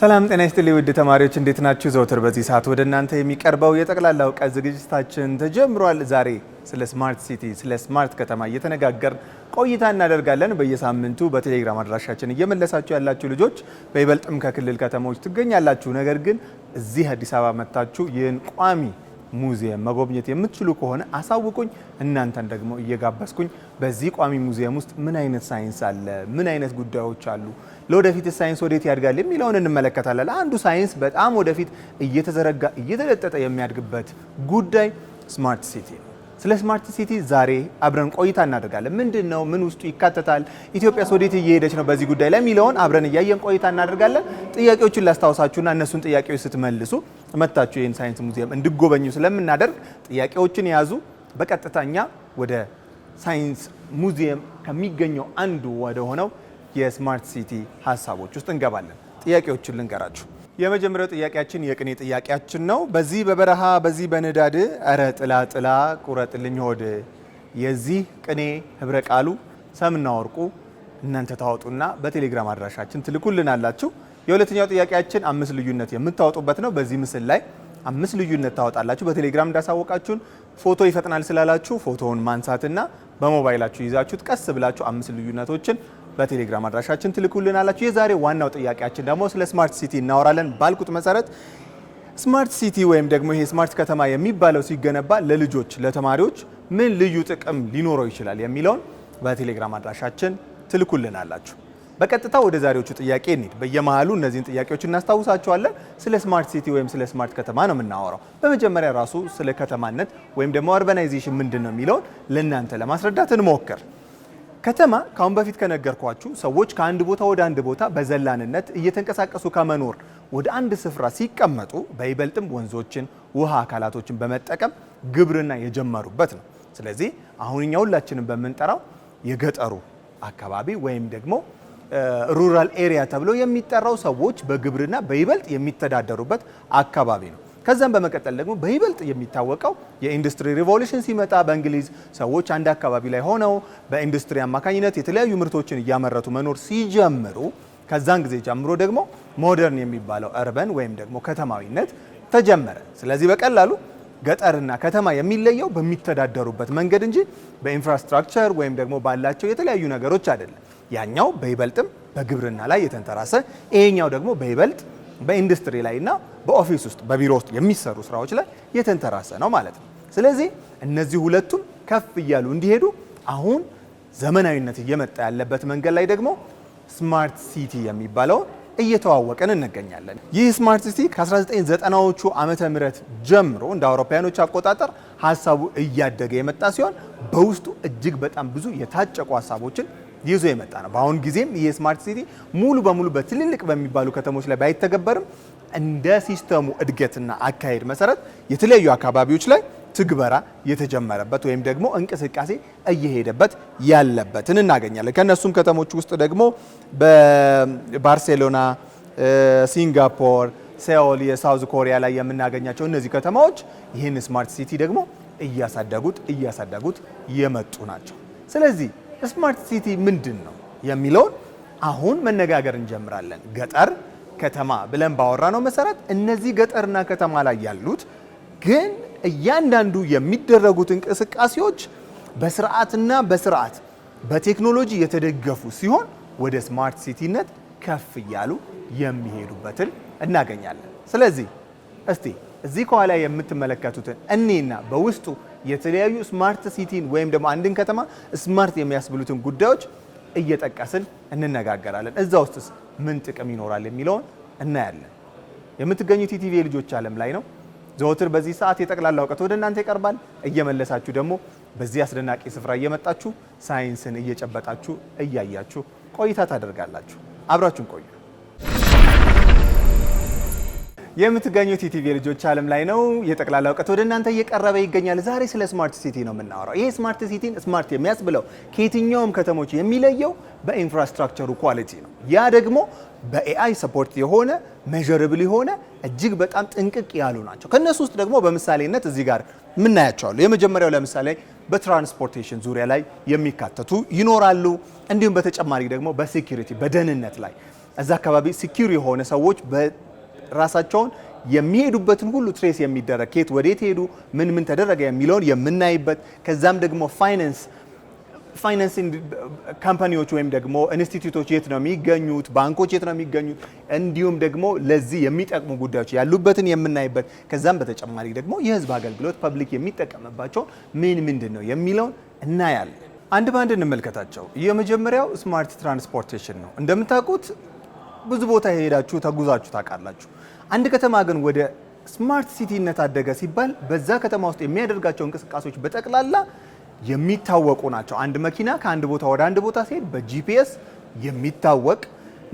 ሰላም ጤና ይስጥልኝ ውድ ተማሪዎች እንዴት ናችሁ? ዘውትር በዚህ ሰዓት ወደ እናንተ የሚቀርበው የጠቅላላ እውቀት ዝግጅታችን ተጀምሯል። ዛሬ ስለ ስማርት ሲቲ፣ ስለ ስማርት ከተማ እየተነጋገርን ቆይታ እናደርጋለን። በየሳምንቱ በቴሌግራም አድራሻችን እየመለሳችሁ ያላችሁ ልጆች በይበልጥም ከክልል ከተሞች ትገኛላችሁ። ነገር ግን እዚህ አዲስ አበባ መጥታችሁ ይህን ቋሚ ሙዚየም መጎብኘት የምትችሉ ከሆነ አሳውቁኝ። እናንተን ደግሞ እየጋበዝኩኝ በዚህ ቋሚ ሙዚየም ውስጥ ምን አይነት ሳይንስ አለ፣ ምን አይነት ጉዳዮች አሉ፣ ለወደፊት ሳይንስ ወዴት ያድጋል የሚለውን እንመለከታለን። አንዱ ሳይንስ በጣም ወደፊት እየተዘረጋ እየተለጠጠ የሚያድግበት ጉዳይ ስማርት ሲቲ ነው። ስለ ስማርት ሲቲ ዛሬ አብረን ቆይታ እናደርጋለን። ምንድን ነው? ምን ውስጡ ይካተታል? ኢትዮጵያስ ወዴት እየሄደች ነው? በዚህ ጉዳይ ላይ የሚለውን አብረን እያየን ቆይታ እናደርጋለን። ጥያቄዎቹን ላስታውሳችሁና እነሱን ጥያቄዎች ስትመልሱ መታችሁ ይህን ሳይንስ ሙዚየም እንድጎበኙ ስለምናደርግ ጥያቄዎችን የያዙ በቀጥታኛ ወደ ሳይንስ ሙዚየም ከሚገኘው አንዱ ወደ ሆነው የስማርት ሲቲ ሀሳቦች ውስጥ እንገባለን። ጥያቄዎችን ልንገራችሁ። የመጀመሪያው ጥያቄያችን የቅኔ ጥያቄያችን ነው። በዚህ በበረሃ በዚህ በንዳድ እረ ጥላ ጥላ ቁረጥልኝ ሆድ። የዚህ ቅኔ ህብረ ቃሉ ሰምና ወርቁ እናንተ ታወጡና በቴሌግራም አድራሻችን ትልኩልናላችሁ። የሁለተኛው ጥያቄያችን አምስት ልዩነት የምታወጡበት ነው። በዚህ ምስል ላይ አምስት ልዩነት ታወጣላችሁ። በቴሌግራም እንዳሳወቃችሁን ፎቶ ይፈጥናል ስላላችሁ ፎቶውን ማንሳትና በሞባይላችሁ ይዛችሁት ቀስ ብላችሁ አምስት ልዩነቶችን በቴሌግራም አድራሻችን ትልኩልን አላችሁ። የዛሬ ዋናው ጥያቄያችን ደግሞ ስለ ስማርት ሲቲ እናወራለን ባልኩት መሰረት ስማርት ሲቲ ወይም ደግሞ ይሄ ስማርት ከተማ የሚባለው ሲገነባ ለልጆች ለተማሪዎች ምን ልዩ ጥቅም ሊኖረው ይችላል የሚለውን በቴሌግራም አድራሻችን ትልኩልን አላችሁ። በቀጥታ ወደ ዛሬዎቹ ጥያቄ እንሂድ። በየመሃሉ እነዚህን ጥያቄዎች እናስታውሳቸዋለን። ስለ ስማርት ሲቲ ወይም ስለ ስማርት ከተማ ነው የምናወራው። በመጀመሪያ ራሱ ስለ ከተማነት ወይም ደግሞ አርባናይዜሽን ምንድን ነው የሚለውን ለእናንተ ለማስረዳት እንሞክር። ከተማ ከአሁን በፊት ከነገርኳችሁ ሰዎች ከአንድ ቦታ ወደ አንድ ቦታ በዘላንነት እየተንቀሳቀሱ ከመኖር ወደ አንድ ስፍራ ሲቀመጡ በይበልጥም ወንዞችን፣ ውሃ አካላቶችን በመጠቀም ግብርና የጀመሩበት ነው። ስለዚህ አሁን እኛ ሁላችንም በምንጠራው የገጠሩ አካባቢ ወይም ደግሞ ሩራል ኤሪያ ተብሎ የሚጠራው ሰዎች በግብርና በይበልጥ የሚተዳደሩበት አካባቢ ነው። ከዛም በመቀጠል ደግሞ በይበልጥ የሚታወቀው የኢንዱስትሪ ሪቮሉሽን ሲመጣ በእንግሊዝ ሰዎች አንድ አካባቢ ላይ ሆነው በኢንዱስትሪ አማካኝነት የተለያዩ ምርቶችን እያመረቱ መኖር ሲጀምሩ ከዛን ጊዜ ጀምሮ ደግሞ ሞደርን የሚባለው እርበን ወይም ደግሞ ከተማዊነት ተጀመረ። ስለዚህ በቀላሉ ገጠርና ከተማ የሚለየው በሚተዳደሩበት መንገድ እንጂ በኢንፍራስትራክቸር ወይም ደግሞ ባላቸው የተለያዩ ነገሮች አይደለም። ያኛው በይበልጥም በግብርና ላይ የተንተራሰ ይሄኛው ደግሞ በይበልጥ በኢንዱስትሪ ላይ እና በኦፊስ ውስጥ በቢሮ ውስጥ የሚሰሩ ስራዎች ላይ የተንተራሰ ነው ማለት ነው። ስለዚህ እነዚህ ሁለቱም ከፍ እያሉ እንዲሄዱ አሁን ዘመናዊነት እየመጣ ያለበት መንገድ ላይ ደግሞ ስማርት ሲቲ የሚባለውን እየተዋወቀን እንገኛለን። ይህ ስማርት ሲቲ ከ1990ዎቹ ዓመተ ምህረት ጀምሮ እንደ አውሮፓውያኖች አቆጣጠር ሀሳቡ እያደገ የመጣ ሲሆን በውስጡ እጅግ በጣም ብዙ የታጨቁ ሀሳቦችን ይዞ የመጣ ነው። በአሁን ጊዜም ይህ ስማርት ሲቲ ሙሉ በሙሉ በትልልቅ በሚባሉ ከተሞች ላይ ባይተገበርም እንደ ሲስተሙ እድገትና አካሄድ መሰረት የተለያዩ አካባቢዎች ላይ ትግበራ የተጀመረበት ወይም ደግሞ እንቅስቃሴ እየሄደበት ያለበትን እናገኛለን። ከእነሱም ከተሞች ውስጥ ደግሞ በባርሴሎና፣ ሲንጋፖር፣ ሴኦል የሳውዝ ኮሪያ ላይ የምናገኛቸው እነዚህ ከተማዎች ይህን ስማርት ሲቲ ደግሞ እያሳደጉት እያሳደጉት የመጡ ናቸው። ስለዚህ ስማርት ሲቲ ምንድን ነው የሚለውን አሁን መነጋገር እንጀምራለን። ገጠር ከተማ ብለን ባወራ ነው መሰረት እነዚህ ገጠርና ከተማ ላይ ያሉት ግን እያንዳንዱ የሚደረጉት እንቅስቃሴዎች በስርዓትና በስርዓት በቴክኖሎጂ የተደገፉ ሲሆን ወደ ስማርት ሲቲነት ከፍ እያሉ የሚሄዱበትን እናገኛለን። ስለዚህ እስቲ እዚህ ከኋላ የምትመለከቱትን እኔና በውስጡ የተለያዩ ስማርት ሲቲን ወይም ደግሞ አንድን ከተማ ስማርት የሚያስብሉትን ጉዳዮች እየጠቀስን እንነጋገራለን። እዛ ውስጥስ ምን ጥቅም ይኖራል የሚለውን እናያለን። የምትገኙት ኢቲቪ የልጆች ዓለም ላይ ነው። ዘወትር በዚህ ሰዓት የጠቅላላ እውቀት ወደ እናንተ ይቀርባል። እየመለሳችሁ ደግሞ በዚህ አስደናቂ ስፍራ እየመጣችሁ ሳይንስን እየጨበጣችሁ እያያችሁ ቆይታ ታደርጋላችሁ። አብራችሁን ቆዩ። የምትገኙት ኢቲቪ ልጆች ዓለም ላይ ነው። የጠቅላላ እውቀት ወደ እናንተ እየቀረበ ይገኛል። ዛሬ ስለ ስማርት ሲቲ ነው የምናወራው። ይሄ ስማርት ሲቲን ስማርት የሚያስብለው ከየትኛውም ከተሞች የሚለየው በኢንፍራስትራክቸሩ ኳሊቲ ነው። ያ ደግሞ በኤአይ ሰፖርት የሆነ ሜዥረብል የሆነ እጅግ በጣም ጥንቅቅ ያሉ ናቸው። ከእነሱ ውስጥ ደግሞ በምሳሌነት እዚህ ጋር ምናያቸዋሉ። የመጀመሪያው ለምሳሌ በትራንስፖርቴሽን ዙሪያ ላይ የሚካተቱ ይኖራሉ። እንዲሁም በተጨማሪ ደግሞ በሴኪሪቲ በደህንነት ላይ እዛ አካባቢ ሲኪር የሆነ ሰዎች ራሳቸውን የሚሄዱበትን ሁሉ ትሬስ የሚደረግ ከየት ወዴት ሄዱ፣ ምን ምን ተደረገ የሚለውን የምናይበት ከዛም ደግሞ ፋይናንስ ፋይናንሲንግ ካምፓኒዎች ወይም ደግሞ ኢንስቲትዩቶች የት ነው የሚገኙት፣ ባንኮች የት ነው የሚገኙት፣ እንዲሁም ደግሞ ለዚህ የሚጠቅሙ ጉዳዮች ያሉበትን የምናይበት ከዛም በተጨማሪ ደግሞ የህዝብ አገልግሎት ፐብሊክ የሚጠቀምባቸውን ምን ምንድን ነው የሚለውን እናያለን። አንድ በአንድ እንመልከታቸው። የመጀመሪያው ስማርት ትራንስፖርቴሽን ነው። እንደምታውቁት ብዙ ቦታ የሄዳችሁ ተጉዛችሁ ታውቃላችሁ። አንድ ከተማ ግን ወደ ስማርት ሲቲነት አደገ ሲባል በዛ ከተማ ውስጥ የሚያደርጋቸው እንቅስቃሴዎች በጠቅላላ የሚታወቁ ናቸው። አንድ መኪና ከአንድ ቦታ ወደ አንድ ቦታ ሲሄድ በጂፒኤስ የሚታወቅ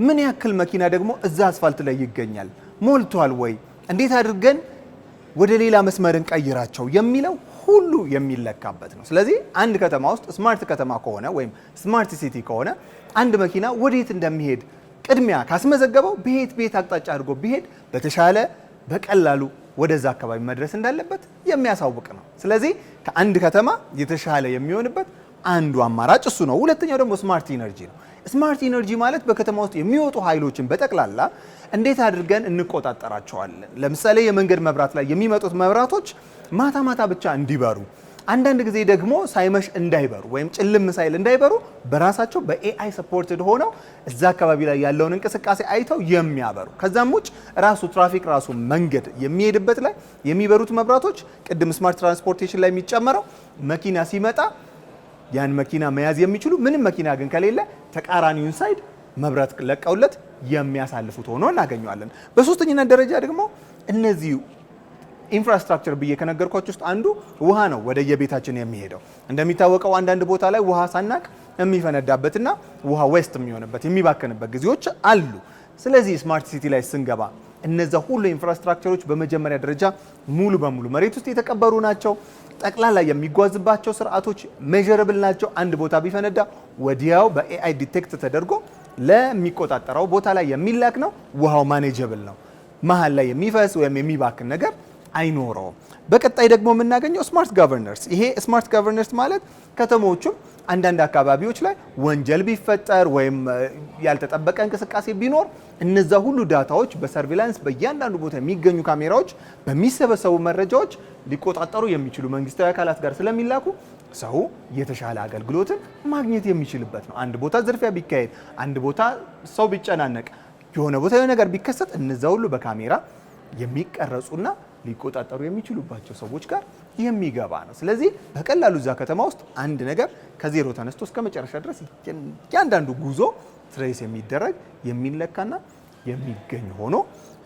ምን ያክል መኪና ደግሞ እዛ አስፋልት ላይ ይገኛል፣ ሞልቷል ወይ፣ እንዴት አድርገን ወደ ሌላ መስመርን ቀይራቸው የሚለው ሁሉ የሚለካበት ነው። ስለዚህ አንድ ከተማ ውስጥ ስማርት ከተማ ከሆነ ወይም ስማርት ሲቲ ከሆነ አንድ መኪና ወዴት እንደሚሄድ ቅድሚያ ካስመዘገበው በየት በየት አቅጣጫ አድርጎ ቢሄድ በተሻለ በቀላሉ ወደዛ አካባቢ መድረስ እንዳለበት የሚያሳውቅ ነው። ስለዚህ ከአንድ ከተማ የተሻለ የሚሆንበት አንዱ አማራጭ እሱ ነው። ሁለተኛው ደግሞ ስማርት ኢነርጂ ነው። ስማርት ኢነርጂ ማለት በከተማ ውስጥ የሚወጡ ኃይሎችን በጠቅላላ እንዴት አድርገን እንቆጣጠራቸዋለን? ለምሳሌ የመንገድ መብራት ላይ የሚመጡት መብራቶች ማታ ማታ ብቻ እንዲበሩ አንዳንድ ጊዜ ደግሞ ሳይመሽ እንዳይበሩ ወይም ጭልም ሳይል እንዳይበሩ በራሳቸው በኤአይ ሰፖርትድ ሆነው እዛ አካባቢ ላይ ያለውን እንቅስቃሴ አይተው የሚያበሩ ከዛም ውጭ ራሱ ትራፊክ ራሱ መንገድ የሚሄድበት ላይ የሚበሩት መብራቶች ቅድም ስማርት ትራንስፖርቴሽን ላይ የሚጨመረው መኪና ሲመጣ ያን መኪና መያዝ የሚችሉ ምንም መኪና ግን ከሌለ ተቃራኒውን ሳይድ መብራት ለቀውለት የሚያሳልፉት ሆኖ እናገኘዋለን። በሶስተኝነት ደረጃ ደግሞ እነዚህ ኢንፍራስትራክቸር ብዬ ከነገርኳችሁ ውስጥ አንዱ ውሃ ነው ወደየቤታችን የሚሄደው። እንደሚታወቀው አንዳንድ ቦታ ላይ ውሃ ሳናቅ የሚፈነዳበትና ውሃ ዌስት የሚሆንበት የሚባከንበት ጊዜዎች አሉ። ስለዚህ ስማርት ሲቲ ላይ ስንገባ እነዛ ሁሉ ኢንፍራስትራክቸሮች በመጀመሪያ ደረጃ ሙሉ በሙሉ መሬት ውስጥ የተቀበሩ ናቸው። ጠቅላላ የሚጓዝባቸው ስርዓቶች ሜዥረብል ናቸው። አንድ ቦታ ቢፈነዳ ወዲያው በኤአይ ዲቴክት ተደርጎ ለሚቆጣጠረው ቦታ ላይ የሚላክ ነው። ውሃው ማኔጀብል ነው። መሀል ላይ የሚፈስ ወይም የሚባክን ነገር አይኖረውም። በቀጣይ ደግሞ የምናገኘው ስማርት ጋቨርነርስ ይሄ ስማርት ጋቨርነርስ ማለት ከተሞቹም አንዳንድ አካባቢዎች ላይ ወንጀል ቢፈጠር ወይም ያልተጠበቀ እንቅስቃሴ ቢኖር እነዛ ሁሉ ዳታዎች በሰርቪላንስ በእያንዳንዱ ቦታ የሚገኙ ካሜራዎች በሚሰበሰቡ መረጃዎች ሊቆጣጠሩ የሚችሉ መንግስታዊ አካላት ጋር ስለሚላኩ ሰው የተሻለ አገልግሎትን ማግኘት የሚችልበት ነው። አንድ ቦታ ዝርፊያ ቢካሄድ፣ አንድ ቦታ ሰው ቢጨናነቅ፣ የሆነ ቦታ የሆነ ነገር ቢከሰት እነዛ ሁሉ በካሜራ የሚቀረጹና ሊቆጣጠሩ የሚችሉባቸው ሰዎች ጋር የሚገባ ነው። ስለዚህ በቀላሉ እዛ ከተማ ውስጥ አንድ ነገር ከዜሮ ተነስቶ እስከ መጨረሻ ድረስ እያንዳንዱ ጉዞ ትሬስ የሚደረግ የሚለካና የሚገኝ ሆኖ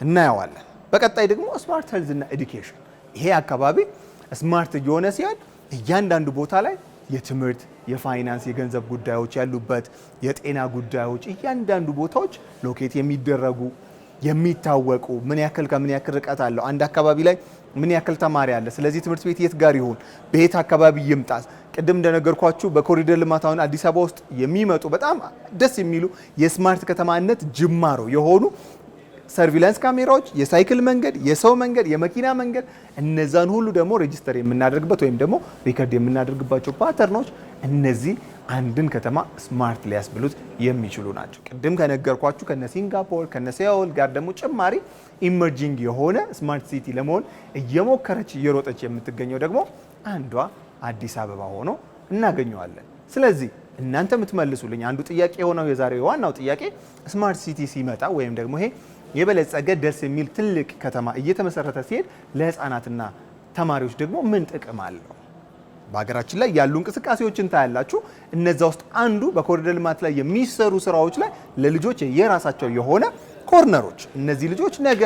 እናየዋለን። በቀጣይ ደግሞ ስማርት ሄልዝ እና ኤዱኬሽን ይሄ አካባቢ ስማርት እየሆነ ሲሄድ እያንዳንዱ ቦታ ላይ የትምህርት፣ የፋይናንስ፣ የገንዘብ ጉዳዮች ያሉበት የጤና ጉዳዮች እያንዳንዱ ቦታዎች ሎኬት የሚደረጉ የሚታወቁ ምን ያክል ከምን ያክል ርቀት አለው፣ አንድ አካባቢ ላይ ምን ያክል ተማሪ አለ፣ ስለዚህ ትምህርት ቤት የት ጋር ይሁን፣ በየት አካባቢ ይምጣ ቅድም እንደነገርኳችሁ በኮሪደር ልማት አሁን አዲስ አበባ ውስጥ የሚመጡ በጣም ደስ የሚሉ የስማርት ከተማነት ጅማሮ የሆኑ ሰርቪላንስ ካሜራዎች፣ የሳይክል መንገድ፣ የሰው መንገድ፣ የመኪና መንገድ እነዛን ሁሉ ደግሞ ሬጅስተር የምናደርግበት ወይም ደግሞ ሪከርድ የምናደርግባቸው ፓተርኖች እነዚህ አንድን ከተማ ስማርት ሊያስብሉት የሚችሉ ናቸው። ቅድም ከነገርኳችሁ ከነ ሲንጋፖር ከነ ሴውል ጋር ደግሞ ጭማሪ ኢመርጂንግ የሆነ ስማርት ሲቲ ለመሆን እየሞከረች እየሮጠች የምትገኘው ደግሞ አንዷ አዲስ አበባ ሆኖ እናገኘዋለን። ስለዚህ እናንተ የምትመልሱልኝ አንዱ ጥያቄ የሆነው የዛሬው ዋናው ጥያቄ ስማርት ሲቲ ሲመጣ ወይም ደግሞ ይሄ የበለጸገ ደስ የሚል ትልቅ ከተማ እየተመሰረተ ሲሄድ ለህፃናትና ተማሪዎች ደግሞ ምን ጥቅም አለው? በሀገራችን ላይ ያሉ እንቅስቃሴዎችን ታያላችሁ። እነዚ ውስጥ አንዱ በኮሪደር ልማት ላይ የሚሰሩ ስራዎች ላይ ለልጆች የራሳቸው የሆነ ኮርነሮች እነዚህ ልጆች ነገ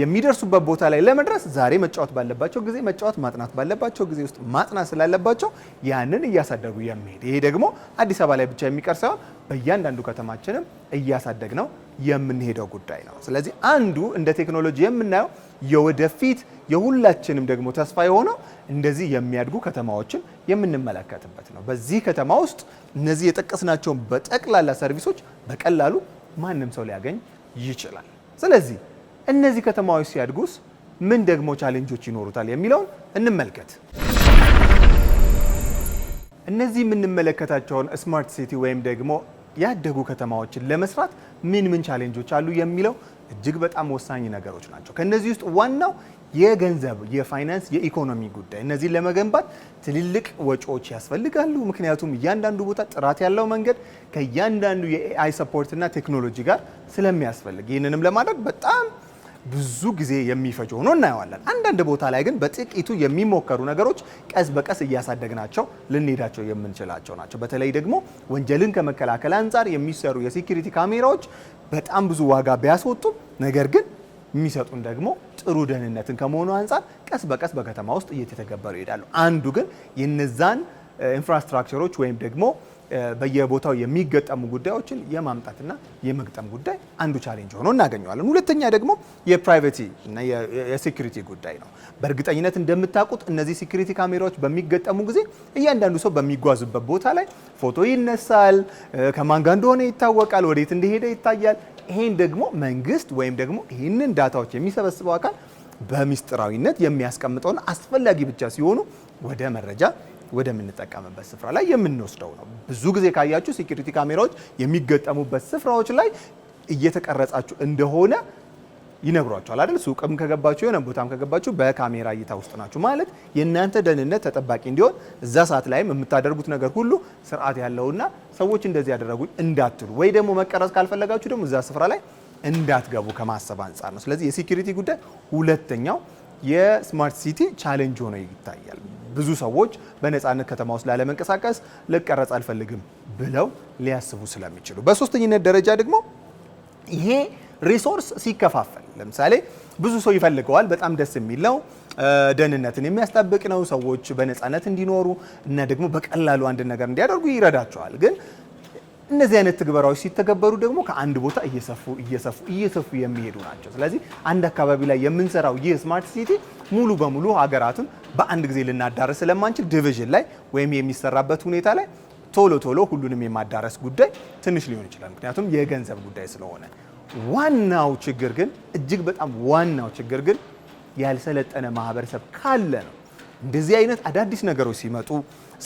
የሚደርሱበት ቦታ ላይ ለመድረስ ዛሬ መጫወት ባለባቸው ጊዜ መጫወት፣ ማጥናት ባለባቸው ጊዜ ውስጥ ማጥናት ስላለባቸው ያንን እያሳደጉ የሚሄድ ይሄ ደግሞ አዲስ አበባ ላይ ብቻ የሚቀር ሳይሆን በእያንዳንዱ ከተማችንም እያሳደግ ነው የምንሄደው ጉዳይ ነው። ስለዚህ አንዱ እንደ ቴክኖሎጂ የምናየው የወደፊት የሁላችንም ደግሞ ተስፋ የሆነው እንደዚህ የሚያድጉ ከተማዎችን የምንመለከትበት ነው። በዚህ ከተማ ውስጥ እነዚህ የጠቀስናቸውን በጠቅላላ ሰርቪሶች በቀላሉ ማንም ሰው ሊያገኝ ይችላል። ስለዚህ እነዚህ ከተማዎች ሲያድጉስ ምን ደግሞ ቻሌንጆች ይኖሩታል የሚለውን እንመልከት። እነዚህ የምንመለከታቸውን ስማርት ሲቲ ወይም ደግሞ ያደጉ ከተማዎችን ለመስራት ምን ምን ቻሌንጆች አሉ የሚለው እጅግ በጣም ወሳኝ ነገሮች ናቸው። ከነዚህ ውስጥ ዋናው የገንዘብ የፋይናንስ፣ የኢኮኖሚ ጉዳይ እነዚህን ለመገንባት ትልልቅ ወጪዎች ያስፈልጋሉ። ምክንያቱም እያንዳንዱ ቦታ ጥራት ያለው መንገድ ከእያንዳንዱ የኤአይ ሰፖርትና ቴክኖሎጂ ጋር ስለሚያስፈልግ ይህንንም ለማድረግ በጣም ብዙ ጊዜ የሚፈጅ ሆኖ እናየዋለን። አንዳንድ ቦታ ላይ ግን በጥቂቱ የሚሞከሩ ነገሮች ቀስ በቀስ እያሳደግናቸው ልንሄዳቸው የምንችላቸው ናቸው። በተለይ ደግሞ ወንጀልን ከመከላከል አንጻር የሚሰሩ የሴኪሪቲ ካሜራዎች በጣም ብዙ ዋጋ ቢያስወጡም ነገር ግን የሚሰጡን ደግሞ ጥሩ ደህንነትን ከመሆኑ አንጻር ቀስ በቀስ በከተማ ውስጥ እየተተገበሩ ይሄዳሉ። አንዱ ግን የነዛን ኢንፍራስትራክቸሮች ወይም ደግሞ በየቦታው የሚገጠሙ ጉዳዮችን የማምጣትና የመግጠም ጉዳይ አንዱ ቻሌንጅ ሆኖ እናገኘዋለን። ሁለተኛ ደግሞ የፕራይቬቲ እና የሴኩሪቲ ጉዳይ ነው። በእርግጠኝነት እንደምታውቁት እነዚህ ሴኩሪቲ ካሜራዎች በሚገጠሙ ጊዜ እያንዳንዱ ሰው በሚጓዙበት ቦታ ላይ ፎቶ ይነሳል። ከማን ጋር እንደሆነ ይታወቃል። ወዴት እንደሄደ ይታያል። ይሄን ደግሞ መንግስት ወይም ደግሞ ይህንን ዳታዎች የሚሰበስበው አካል በሚስጥራዊነት የሚያስቀምጠውን አስፈላጊ ብቻ ሲሆኑ ወደ መረጃ ወደምንጠቀምበት ስፍራ ላይ የምንወስደው ነው። ብዙ ጊዜ ካያችሁ ሴኪሪቲ ካሜራዎች የሚገጠሙበት ስፍራዎች ላይ እየተቀረጻችሁ እንደሆነ ይነግሯቸዋል አይደል? ሱቅም ከገባችሁ የሆነ ቦታም ከገባችሁ በካሜራ እይታ ውስጥ ናችሁ ማለት የእናንተ ደህንነት ተጠባቂ እንዲሆን እዛ ሰዓት ላይም የምታደርጉት ነገር ሁሉ ስርዓት ያለውና ሰዎች እንደዚህ ያደረጉኝ እንዳትሉ ወይ ደግሞ መቀረጽ ካልፈለጋችሁ ደግሞ እዛ ስፍራ ላይ እንዳትገቡ ከማሰብ አንጻር ነው። ስለዚህ የሴኩሪቲ ጉዳይ ሁለተኛው የስማርት ሲቲ ቻሌንጅ ሆኖ ይታያል። ብዙ ሰዎች በነፃነት ከተማ ውስጥ ላለመንቀሳቀስ ልቀረጽ አልፈልግም ብለው ሊያስቡ ስለሚችሉ፣ በሶስተኝነት ደረጃ ደግሞ ይሄ ሪሶርስ ሲከፋፈል ለምሳሌ ብዙ ሰው ይፈልገዋል፣ በጣም ደስ የሚል ነው፣ ደህንነትን የሚያስጠብቅ ነው፣ ሰዎች በነፃነት እንዲኖሩ እና ደግሞ በቀላሉ አንድ ነገር እንዲያደርጉ ይረዳቸዋል ግን እነዚህ አይነት ትግበራዎች ሲተገበሩ ደግሞ ከአንድ ቦታ እየሰፉ እየሰፉ እየሰፉ የሚሄዱ ናቸው። ስለዚህ አንድ አካባቢ ላይ የምንሰራው ይህ ስማርት ሲቲ ሙሉ በሙሉ ሀገራቱን በአንድ ጊዜ ልናዳረስ ስለማንችል ዲቪዥን ላይ ወይም የሚሰራበት ሁኔታ ላይ ቶሎ ቶሎ ሁሉንም የማዳረስ ጉዳይ ትንሽ ሊሆን ይችላል፣ ምክንያቱም የገንዘብ ጉዳይ ስለሆነ። ዋናው ችግር ግን እጅግ በጣም ዋናው ችግር ግን ያልሰለጠነ ማህበረሰብ ካለ ነው። እንደዚህ አይነት አዳዲስ ነገሮች ሲመጡ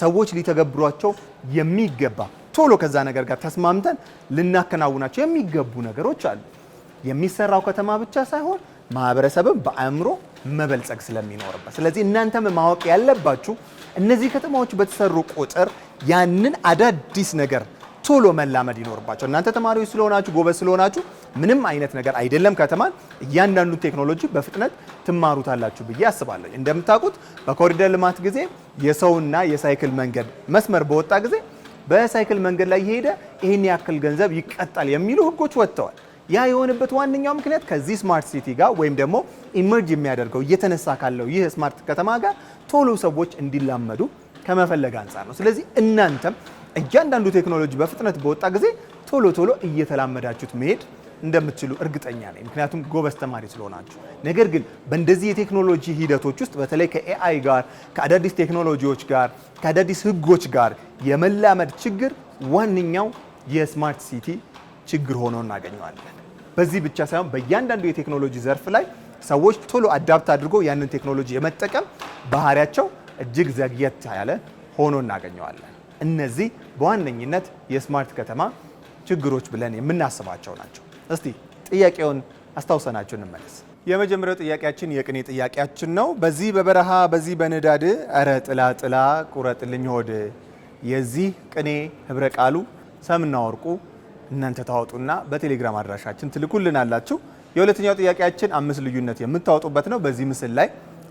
ሰዎች ሊተገብሯቸው የሚገባ ቶሎ ከዛ ነገር ጋር ተስማምተን ልናከናውናቸው የሚገቡ ነገሮች አሉ። የሚሰራው ከተማ ብቻ ሳይሆን ማህበረሰብም በአእምሮ መበልጸግ ስለሚኖርበት፣ ስለዚህ እናንተም ማወቅ ያለባችሁ እነዚህ ከተማዎች በተሰሩ ቁጥር ያንን አዳዲስ ነገር ቶሎ መላመድ ይኖርባቸው። እናንተ ተማሪዎች ስለሆናችሁ ጎበዝ ስለሆናችሁ ምንም አይነት ነገር አይደለም። ከተማን እያንዳንዱ ቴክኖሎጂ በፍጥነት ትማሩታላችሁ ብዬ አስባለሁ። እንደምታውቁት በኮሪደር ልማት ጊዜ የሰውና የሳይክል መንገድ መስመር በወጣ ጊዜ በሳይክል መንገድ ላይ እየሄደ ይህን ያክል ገንዘብ ይቀጣል የሚሉ ህጎች ወጥተዋል። ያ የሆነበት ዋነኛው ምክንያት ከዚህ ስማርት ሲቲ ጋር ወይም ደግሞ ኢመርጅ የሚያደርገው እየተነሳ ካለው ይህ ስማርት ከተማ ጋር ቶሎ ሰዎች እንዲላመዱ ከመፈለግ አንጻር ነው። ስለዚህ እናንተም እያንዳንዱ ቴክኖሎጂ በፍጥነት በወጣ ጊዜ ቶሎ ቶሎ እየተላመዳችሁት መሄድ እንደምትችሉ እርግጠኛ ነኝ፣ ምክንያቱም ጎበዝ ተማሪ ስለሆናችሁ። ነገር ግን በእንደዚህ የቴክኖሎጂ ሂደቶች ውስጥ በተለይ ከኤአይ ጋር ከአዳዲስ ቴክኖሎጂዎች ጋር ከአዳዲስ ህጎች ጋር የመላመድ ችግር ዋነኛው የስማርት ሲቲ ችግር ሆኖ እናገኘዋለን። በዚህ ብቻ ሳይሆን በእያንዳንዱ የቴክኖሎጂ ዘርፍ ላይ ሰዎች ቶሎ አዳፕት አድርጎ ያንን ቴክኖሎጂ የመጠቀም ባህሪያቸው እጅግ ዘግየት ያለ ሆኖ እናገኘዋለን። እነዚህ በዋነኝነት የስማርት ከተማ ችግሮች ብለን የምናስባቸው ናቸው። እስቲ ጥያቄውን አስታውሰናችሁ እንመለስ። የመጀመሪያው ጥያቄያችን የቅኔ ጥያቄያችን ነው። በዚህ በበረሃ በዚህ በንዳድ እረ ጥላ ጥላ ቁረጥልኝ ሆድ። የዚህ ቅኔ ህብረ ቃሉ ሰምና ወርቁ እናንተ ታወጡና በቴሌግራም አድራሻችን ትልኩልናላችሁ። የሁለተኛው ጥያቄያችን አምስት ልዩነት የምታወጡበት ነው። በዚህ ምስል ላይ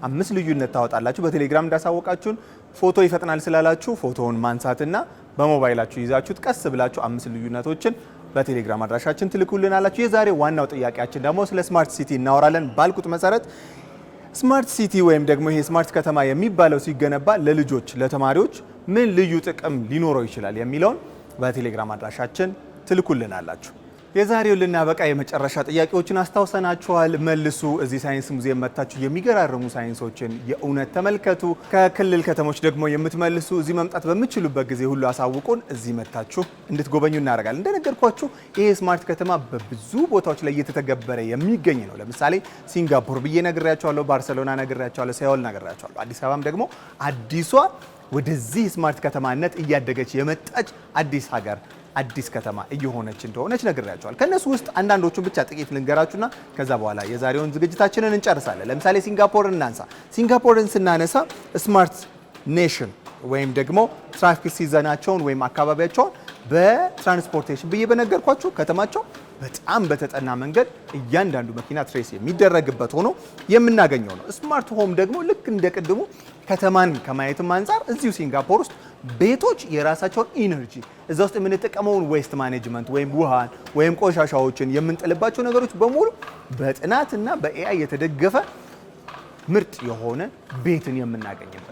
አምስት ልዩነት ታወጣላችሁ። በቴሌግራም እንዳሳወቃችሁን ፎቶ ይፈጥናል ስላላችሁ ፎቶውን ማንሳትና በሞባይላችሁ ይዛችሁት ቀስ ብላችሁ አምስት ልዩነቶችን በቴሌግራም አድራሻችን አላችሁ። የዛሬ ዋናው ጥያቄያችን ደግሞ ስለ ስማርት ሲቲ እናወራለን። ባልኩት መሰረት ስማርት ሲቲ ወይም ደግሞ ይሄ ስማርት ከተማ የሚባለው ሲገነባ ለልጆች ለተማሪዎች ምን ልዩ ጥቅም ሊኖረው ይችላል የሚለውን በቴሌግራም አድራሻችን ትልኩልናላችሁ። የዛሬውን ልናበቃ የመጨረሻ ጥያቄዎችን አስታውሰናችኋል። መልሱ። እዚህ ሳይንስ ሙዚየም መታችሁ የሚገራርሙ ሳይንሶችን የእውነት ተመልከቱ። ከክልል ከተሞች ደግሞ የምትመልሱ እዚህ መምጣት በምችሉበት ጊዜ ሁሉ አሳውቁን። እዚህ መታችሁ እንድትጎበኙ እናደርጋለን። እንደነገርኳችሁ ይሄ ስማርት ከተማ በብዙ ቦታዎች ላይ እየተተገበረ የሚገኝ ነው። ለምሳሌ ሲንጋፖር ብዬ ነግሬያቸዋለሁ፣ ባርሰሎና ነግሬያቸዋለሁ፣ ሴውል ነግሬያቸዋለሁ። አዲስ አበባም ደግሞ አዲሷ ወደዚህ ስማርት ከተማነት እያደገች የመጣች አዲስ ሀገር አዲስ ከተማ እየሆነች እንደሆነች ነግሬያቸዋል። ከእነሱ ውስጥ አንዳንዶቹን ብቻ ጥቂት ልንገራችሁና ከዛ በኋላ የዛሬውን ዝግጅታችንን እንጨርሳለን። ለምሳሌ ሲንጋፖር እናንሳ። ሲንጋፖርን ስናነሳ ስማርት ኔሽን ወይም ደግሞ ትራፊክ ሲዘናቸውን ወይም አካባቢያቸውን በትራንስፖርቴሽን ብዬ በነገርኳችሁ ከተማቸው በጣም በተጠና መንገድ እያንዳንዱ መኪና ትሬስ የሚደረግበት ሆኖ የምናገኘው ነው። ስማርት ሆም ደግሞ ልክ እንደ ቅድሙ ከተማን ከማየትም አንጻር እዚሁ ሲንጋፖር ውስጥ ቤቶች የራሳቸውን ኢነርጂ እዛ ውስጥ የምንጠቀመውን ዌስት ማኔጅመንት ወይም ውሃን ወይም ቆሻሻዎችን የምንጥልባቸው ነገሮች በሙሉ በጥናትና በኤአይ የተደገፈ ምርጥ የሆነ ቤትን የምናገኝበት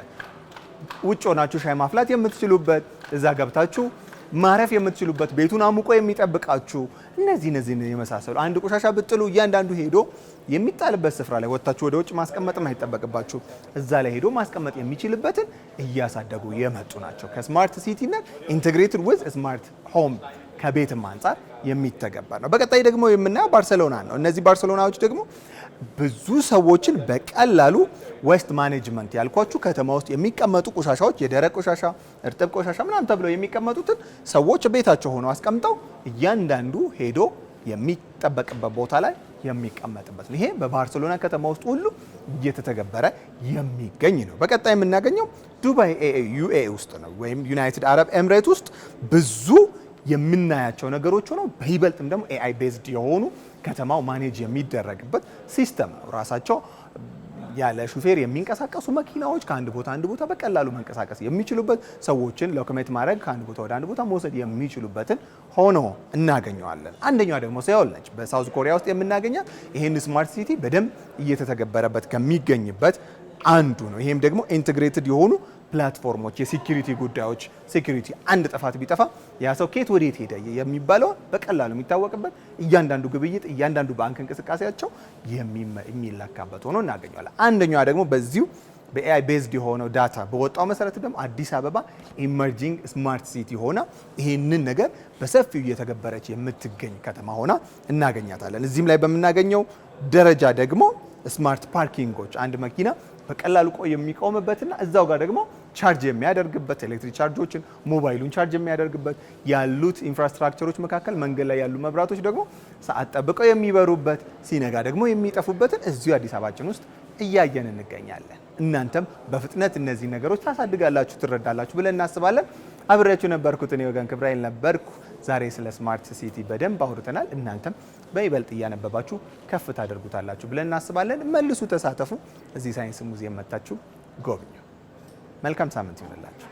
ውጭ ሆናችሁ ሻይ ማፍላት የምትችሉበት እዛ ገብታችሁ ማረፍ የምትችሉበት ቤቱን አሙቆ የሚጠብቃችሁ እነዚህ እነዚህ የመሳሰሉ አንድ ቆሻሻ ብጥሉ እያንዳንዱ ሄዶ የሚጣልበት ስፍራ ላይ ወጥታችሁ ወደ ውጭ ማስቀመጥ አይጠበቅባችሁ እዛ ላይ ሄዶ ማስቀመጥ የሚችልበትን እያሳደጉ የመጡ ናቸው። ከስማርት ሲቲነት ኢንቴግሬትድ ዊዝ ስማርት ሆም ከቤትም አንጻር የሚተገበር ነው። በቀጣይ ደግሞ የምናየው ባርሰሎና ነው። እነዚህ ባርሰሎናዎች ደግሞ ብዙ ሰዎችን በቀላሉ ዌስት ማኔጅመንት ያልኳችሁ ከተማ ውስጥ የሚቀመጡ ቆሻሻዎች፣ የደረቅ ቆሻሻ፣ እርጥብ ቆሻሻ ምናምን ተብለው የሚቀመጡትን ሰዎች ቤታቸው ሆነው አስቀምጠው እያንዳንዱ ሄዶ የሚጠበቅበት ቦታ ላይ የሚቀመጥበት ነው። ይሄ በባርሴሎና ከተማ ውስጥ ሁሉ እየተተገበረ የሚገኝ ነው። በቀጣይ የምናገኘው ዱባይ ዩኤኢ ውስጥ ነው፣ ወይም ዩናይትድ አረብ ኤምሬት ውስጥ ብዙ የምናያቸው ነገሮች ሆነው በይበልጥም ደግሞ ኤአይ ቤዝድ የሆኑ ከተማው ማኔጅ የሚደረግበት ሲስተም ነው። ራሳቸው ያለ ሹፌር የሚንቀሳቀሱ መኪናዎች ከአንድ ቦታ አንድ ቦታ በቀላሉ መንቀሳቀስ የሚችሉበት ሰዎችን ሎክሜት ማድረግ ከአንድ ቦታ ወደ አንድ ቦታ መውሰድ የሚችሉበትን ሆኖ እናገኘዋለን። አንደኛዋ ደግሞ ሴኦል ነች። በሳውዝ ኮሪያ ውስጥ የምናገኛት ይህን ስማርት ሲቲ በደንብ እየተተገበረበት ከሚገኝበት አንዱ ነው። ይህም ደግሞ ኢንትግሬትድ የሆኑ ፕላትፎርሞች፣ የሴኩሪቲ ጉዳዮች ሴኪሪቲ አንድ ጥፋት ቢጠፋ ያ ሰው ከየት ወዴት ሄደ የሚባለው በቀላሉ የሚታወቅበት እያንዳንዱ ግብይት፣ እያንዳንዱ ባንክ እንቅስቃሴያቸው የሚለካበት ሆኖ እናገኘዋለን። አንደኛዋ ደግሞ በዚሁ በኤአይ ቤዝድ የሆነው ዳታ በወጣው መሰረት ደግሞ አዲስ አበባ ኢመርጂንግ ስማርት ሲቲ ሆና ይህንን ነገር በሰፊው እየተገበረች የምትገኝ ከተማ ሆና እናገኛታለን። እዚህም ላይ በምናገኘው ደረጃ ደግሞ ስማርት ፓርኪንጎች አንድ መኪና በቀላሉ ቆይ የሚቆምበትና እዛው ጋር ደግሞ ቻርጅ የሚያደርግበት ኤሌክትሪክ ቻርጆችን ሞባይሉን ቻርጅ የሚያደርግበት ያሉት ኢንፍራስትራክቸሮች መካከል መንገድ ላይ ያሉ መብራቶች ደግሞ ሰዓት ጠብቀው የሚበሩበት ሲነጋ ደግሞ የሚጠፉበትን እዚሁ አዲስ አበባችን ውስጥ እያየን እንገኛለን። እናንተም በፍጥነት እነዚህ ነገሮች ታሳድጋላችሁ፣ ትረዳላችሁ ብለን እናስባለን። አብሬያችሁ ነበርኩት እኔ ወገን ክብራይል ነበርኩ። ዛሬ ስለ ስማርት ሲቲ በደንብ አውርተናል። እናንተም በይበልጥ እያነበባችሁ ከፍ ታደርጉታላችሁ ብለን እናስባለን። መልሱ፣ ተሳተፉ። እዚህ ሳይንስ ሙዚየም መታችሁ ጎብኙ። መልካም ሳምንት ይሆንላችሁ።